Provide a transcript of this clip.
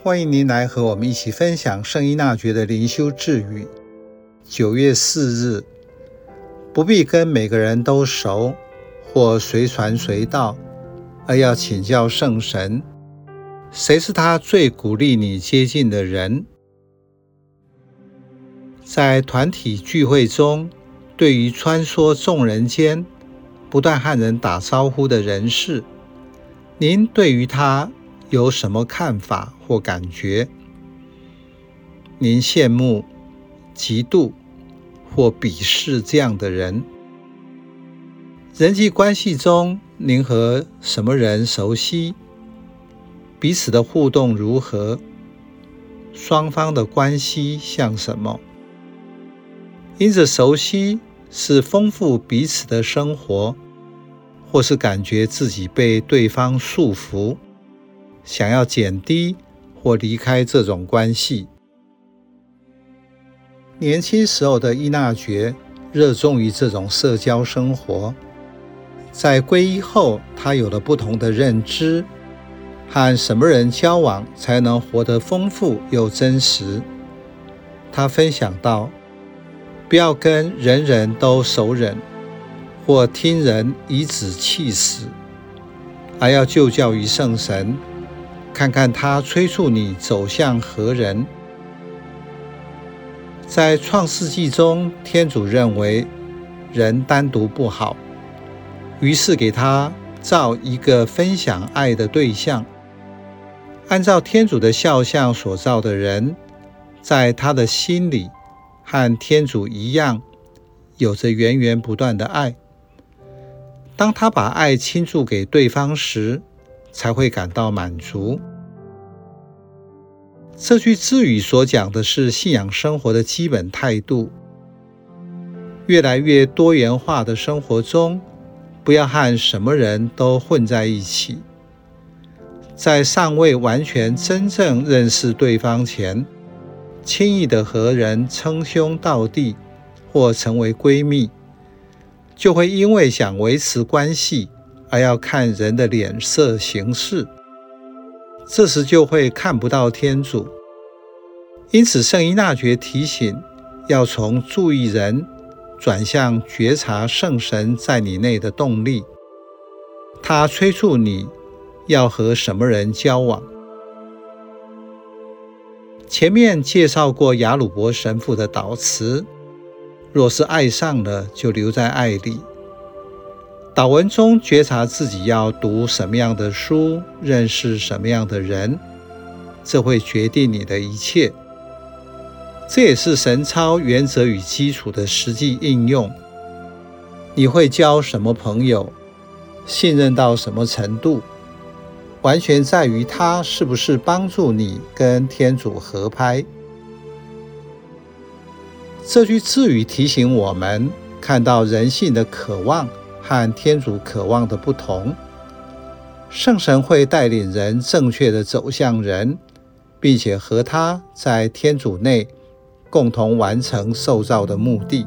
歡迎您來和我們一起分享聖依納爵的靈修智語。九月四日，不必跟每個人都熟，或隨傳隨到，而要請教聖神，誰是祂最鼓勵你接近的人？在團體聚會中，對於穿梭眾人間、不斷和人打招呼的人士，您對於他有什麼看法，或感覺，您羨慕、嫉妒或鄙視這樣的人。人際關係中，您和什麼人熟悉？彼此的互動如何？雙方的關係像什麼？因此，熟悉是豐富彼此的生活，或是感覺自己被對方束縛，想要減低，或離開這種關係。年輕時候的依納爵熱衷於這種社交生活，在皈依後，他有了不同的認知：和什麼人交往才能活得豐富又真實？他分享道：不要跟人人都熟稔，或聽人頤指氣使，而要就教於聖神。看看他催促你走向何人？在創世紀中，天主認為人單獨不好，於是給他造一個分享愛的對象。按照天主的肖像所造的人，在他的心裡和天主一樣，有着源源不斷的愛。當他把愛傾注給對方時，才會感到滿足。這句智語所講的是信仰生活的基本態度。越來越多元化的生活中，不要和什麼人都混在一起。在尚未完全真正認識對方前，輕易的和人稱兄道弟或成為閨蜜，就會因為想維持關係。而要看人的臉色行事，這時就會看不到天主。因此，聖依納爵提醒，要從注意人轉向覺察聖神在你內的動力。他催促你，要和什麼人交往。前面介紹過亞魯伯神父的禱詞，若是愛上了，就留在愛裡。禱文中覺察自己要讀什麼樣的書，認識什麼樣的人，這會決定你的一切。這也是神操原則與基礎的實際應用。你會交什麼朋友，信任到什麼程度，完全在於他是不是幫助你跟天主合拍。這句智語提醒我們看到人性的渴望。和天主渴望的不同，聖神會帶領人正確的走向人，並且和他在天主內共同完成受造的目的。